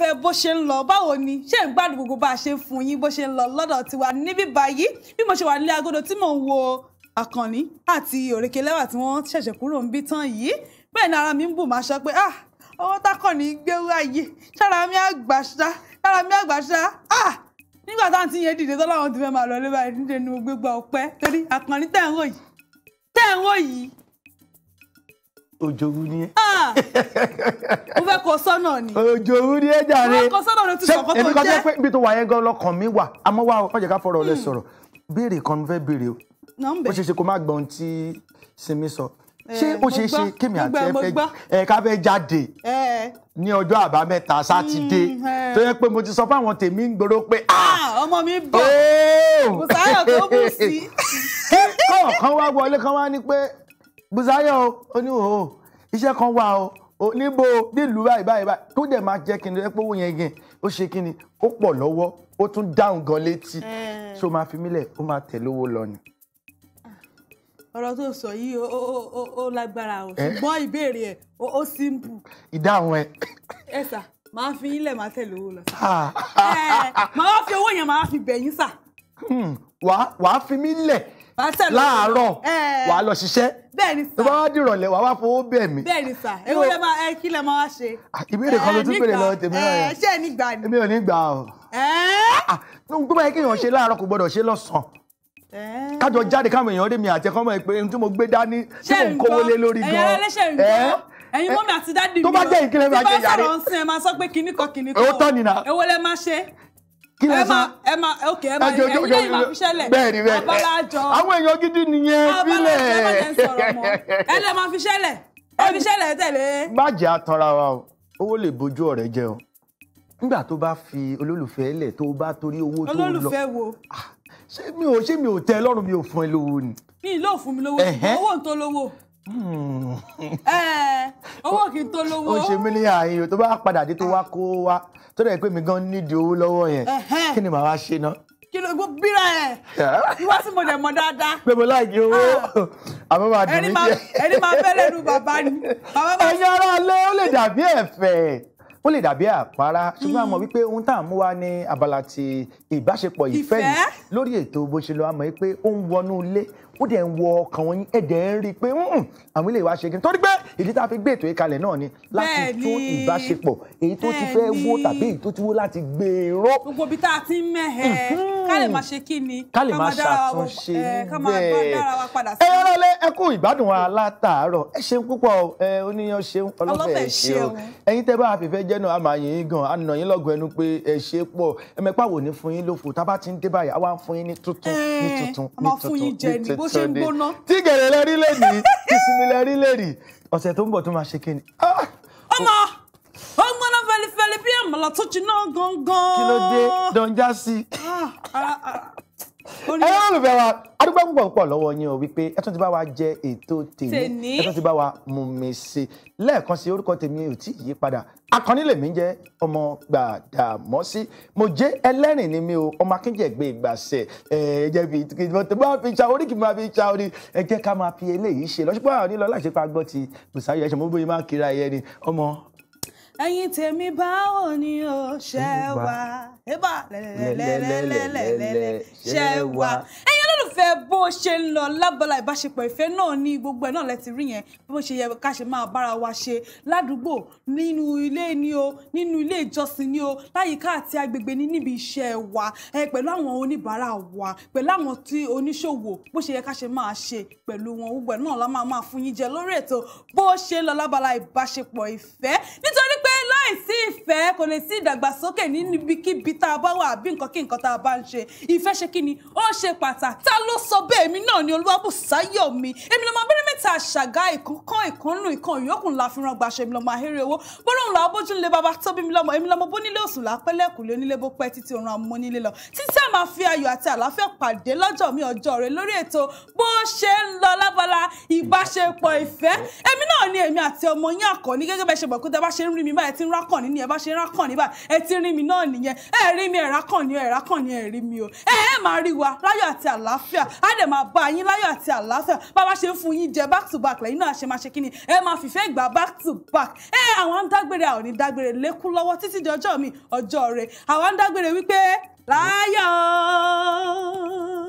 olólùfẹ́ bó ṣe ń lọ báwo ni ṣé ń gbádùn gbogbo bá a ṣe ń fún yín bó ṣe ń lọ lọ́dọ̀ tiwa níbí báyìí bí mo ṣe wà nílé agodo tí mò ń wo àkànní àti òrékelẹ́wà tí wọ́n ṣẹ̀ṣẹ̀ kúrò ń bí tán yìí bẹ́ẹ̀ ni ara mi ń bù máa sọ pé ah ọwọ́ tákànní gbé wáyé ṣára mi àgbàṣá ṣára mi àgbàṣá ah nígbà táwọn ti yẹn dìde tọ́láwọn ti fẹ́ máa lọ lé báyìí sọ́nà ni. òjò òru ni ẹ jàre. wọn kọ sọ́nà ló ti sọ̀kọ́ tó jẹ́. èmi kan jẹ́ pé ibi tó wà yẹn gan lọkàn mi wà àmọ́ wá ọjà ká fọ̀rọ̀ ọ̀lẹ́ hmm. sọ̀rọ̀ béèrè kan mi béèrè o. ó ṣeé ṣe kó má gbọ́ ohun tí Simi sọ eh, ṣé ó ṣeé ṣe kémi àti ẹ ká fẹ́ jáde eh. ní ọjọ́ àbámẹ́ta sátidé hmm, eh. tó yẹ pé mo ti sọ fáwọn tèmi ń gbòòrò pé ah! Ah, ọmọ mi bọ̀ kò oh! sáyọ̀ tó bù sí. kọ́ọ̀ kan wá wọlé kan wá ní pé Bùsáyọ̀ o ó ní òhò iṣẹ́ kan wà o níbo nílùú báyìí báyìí báyìí tó dẹ̀ máa jẹ́ kíni ẹ̀pọ̀ owó yẹn gan ó ṣe kíni ó pọ̀ lọ́wọ́ ó tún dáhùn gan létí ṣó eh. máa fi mílẹ̀ ó máa tẹ̀ lówó lọ ni. ọ̀rọ̀ tó sọ yìí ó lágbára o eh? ṣùgbọ́n ìbéèrè ẹ̀ ó simple. ìdáhùn ẹ. ẹ sà máa fi ilẹ̀ máa tẹ̀ lówó lọ. máa eh, fi owó yẹn máa fi bẹ̀yìn sà. Hmm, wàá fi mí lẹ̀ láàárọ̀ eh. wà á lọ ṣiṣẹ́ tó bá wá dìrọ̀lẹ́ wà á wá fowó bẹ̀ mí. bẹ́ẹ̀ni sà ewu lẹ máa ẹ eh, kí lẹ máa wá ṣe. ìbéèrè kan ló tún eh, béèrè lọ́wọ́ tèmi náà yẹn ṣé ẹ ní ni. èmi ò ní gbà o. tó bá yẹ kéèyàn ṣe láàárọ̀ kò gbọdọ̀ ṣe lọ́sàn-án kájọ jáde káwọn èèyàn rí mi àti ẹ̀kọ́ mọ̀ pé ohun tí mo gbé dání tí mò ń kówó lé lórí gan-an ẹ̀yin mọ́mí àti dáàdi mi tó bá jẹ́ ìkíni ẹ̀ máa jẹ yàrá tí bá sọ̀rọ̀ ń sin ẹ̀ máa sọ pé kinní kan kinní kan èwo lẹ máa ṣe kí ló sọ ẹ ma ok ẹ ma ẹ ní ìmọ̀ fiṣẹ́lẹ̀ bẹ́ẹ̀ni bẹ́ẹ̀ abalájọ àwọn èèyàn gidi nìyẹn fílẹ̀ ẹ lè ma fiṣẹ́lẹ̀ ẹ fiṣẹ́lẹ̀ tẹ̀lé. má jẹ́ àtọ́ra wa o owó lè bojú ọ̀rẹ́ jẹ o nígbà tó bá fi olólùfẹ́ lẹ̀ tó bá torí owó tó lọ olólùfẹ́ wo ah, ṣé mi ò ṣé mi ò tẹ́ lọ́rùn mi ò fún ẹ lówó ni. mi ì lóò fún mi lówó owó ń tó lówó. Hmm. Eh, owó kì í tó lówó. ó ṣe mílíọ̀nù àyìn tó bá padà dé tó wá kó wá tó dẹ̀ pé mi gan nídìí owó lọ́wọ́ yẹn kí ni màá wá ṣe ná. kí ló gbó bíra ẹ wá sí mo dẹ̀ mọ dáadáa. pé mo láì gé owó ah. àmọ́ máa dùn mí díẹ̀. ẹni máa fẹ́ lẹ́nu bàbá ni. ẹ̀yin ara lé ó lè dàbí ẹ̀fẹ̀ ó lè dàbí àpárá ṣùgbọ́n a mọ̀ hmm. wípé ohun tá à ń mú wá ní abala ti ìbáṣepọ̀ ìfẹ́ yìí lórí ètò bó ṣe lọ a mọ̀ wípé ó ń wọnú ilé ó dẹ̀ ń wọ ọkàn wọn yín ẹ̀dẹ̀ ń rí i pé hmm, àwọn ilé ìwà ṣe kí torí pé ìdí tá a fi gbé ètò ìkalẹ̀ náà ni láti tún ìbáṣepọ̀ èyí tó ti fẹ́ wó tàbí èyí tó ti wó láti gbèrò. gbogbo ibi tá a ti ń mẹ́hẹ̀ẹ́ ká lè máa ṣe kí ni ká máa ṣàtúnṣe bẹ́ẹ̀ ẹ rárá lẹ ẹ ìgbádùn wa ẹ ṣeun púpọ̀ ẹ oníyan ṣeun ọlọ́fẹ́ ṣeun ẹ̀yin tẹ́ bá àfẹ́fẹ́ jẹ́ náà a máa gan a yín lọ́gùn ẹnu pé ẹ ṣe pọ̀ ẹ mẹ́pà wò ní fún yín lófo tá a bá ti ń dé báyìí a wá ń fún yín ní tuntun ní tuntun ní tuntun ní tuntun ní tí gẹ̀rẹ̀ lẹ́rí lẹ́rìí tí sinmi lẹ́rí lẹ́rìí ọ̀sẹ̀ tó ń bọ̀ tó máa ṣe kí ni. Ah! ọmọ bí àmàlà tó jiná gangan. kí ló dé dọ̀njà sí. Ah, ah, ah. ẹ yọ olùfẹ́ wa adúgbò púpọ̀ púpọ̀ lọ́wọ́ yín o wípé ẹ tún ti bá wa jẹ ètò tèmi ẹ tún ti bá wa mú mi ṣe lẹ́ẹ̀kan sí orúkọ tèmi ò tí ì yí padà akọni lèmi jẹ ọmọ Gbàdàmọ́sí mo jẹ ẹlẹ́rìn ni mi o ọmọ akínjẹ̀gbé ìgbàsẹ̀ ẹ jẹ́ fi tó bá fi ṣa orí kì máa fi ṣa orí ẹ jẹ́ ká máa fi eléyìí ṣe lọ́sọ́pọ̀ àwọn onílọ́lá ìṣẹ́pá gbọ́ ti bùsáyọ̀ ẹ̀ṣẹ̀ mọ́ bóyá máa kiri ayẹni ọmọ ẹ̀yin tèmi báwo ni o ṣe wà ẹbà lẹlẹlẹlẹlẹlẹ ṣe wà ẹ̀yin olólùfẹ́ bó ṣe ń lọ lábala ìbáṣepọ̀ ìfẹ́ náà ní gbogbo ẹ̀ náà lẹ ti rí yẹn bó ṣe yẹ ká ṣe máa bára wa ṣe ládùúgbò nínú ilé ni o nínú ilé ìjọsìn ni o láyìíká àti agbègbè ni níbi iṣẹ́ wa ẹ pẹ̀lú àwọn oníbàárà wa pẹ̀lú àwọn tí oníṣòwò bó ṣe yẹ ká ṣe máa ṣe pẹ̀lú wọn gbogbo ẹ̀ náà la máa máa fún yín jẹ lórí ètò bó ṣe ń lọ lábala ìbáṣepọ̀ ìfẹ́ nítorí láìsí ìfẹ́ kò lè sí ìdàgbàsókè níbikíbi tá a bá wà àbí nǹkan kí nǹkan tá a bá ń ṣe ìfẹ́ ṣe kí ni ó ṣe pàtàkì ta ló sọ bẹ́ẹ̀ èmi náà ni Olúwabùsáyọ̀mí èmi lọ́mọ abẹ́rẹ́ mẹ́ta àṣàgá ìkọ̀kan ìkànnù ìkan ìyókù ńlá fi ran gbàṣẹ èmi lọ́mọ ahéré owó bọ́lọ́run làá bójú ńlẹ̀ bàbá tó bí mi lọ́mọ èmi lọ́mọ bónílé òsùn lápẹ́lẹ́ kùlé onílé bó pẹ́ títí òun àmọ́ nílé lọ títí a máa fi ayọ̀ àti àlàáfíà pàdé mi ọjọ́ rẹ lórí ìbáṣepọ̀ ìfẹ́ èmi náà ni èmi àti ọmọ yín àkọ́ní gẹ́gẹ́ bẹ́ẹ̀ ṣe mọ̀ pé bá ṣe ń rí mi báyìí ẹ ti ń rákàn nínú ẹ bá ṣe ń rákàn níbà ẹ ti rí mi náà nìyẹn ẹ rí mi ẹ rákàn ní ẹ rákàn ní ẹ rí mi o ẹ ẹ máa rí wa láyọ̀ àti àlàáfíà á dẹ̀ máa bá yín láyọ̀ àti àlàáfíà bá bá ṣe ń fún yín jẹ back to back lẹ́yìn náà ṣe máa ṣe kí ni ẹ máa fìfẹ́ gbà back to back ẹ àwọn ń dágbére àwọn ní dágbére lékún lọ́wọ́ títí di ọjọ́ mi ọjọ́ rẹ̀ àwọn ń dágbére wípé láyọ̀.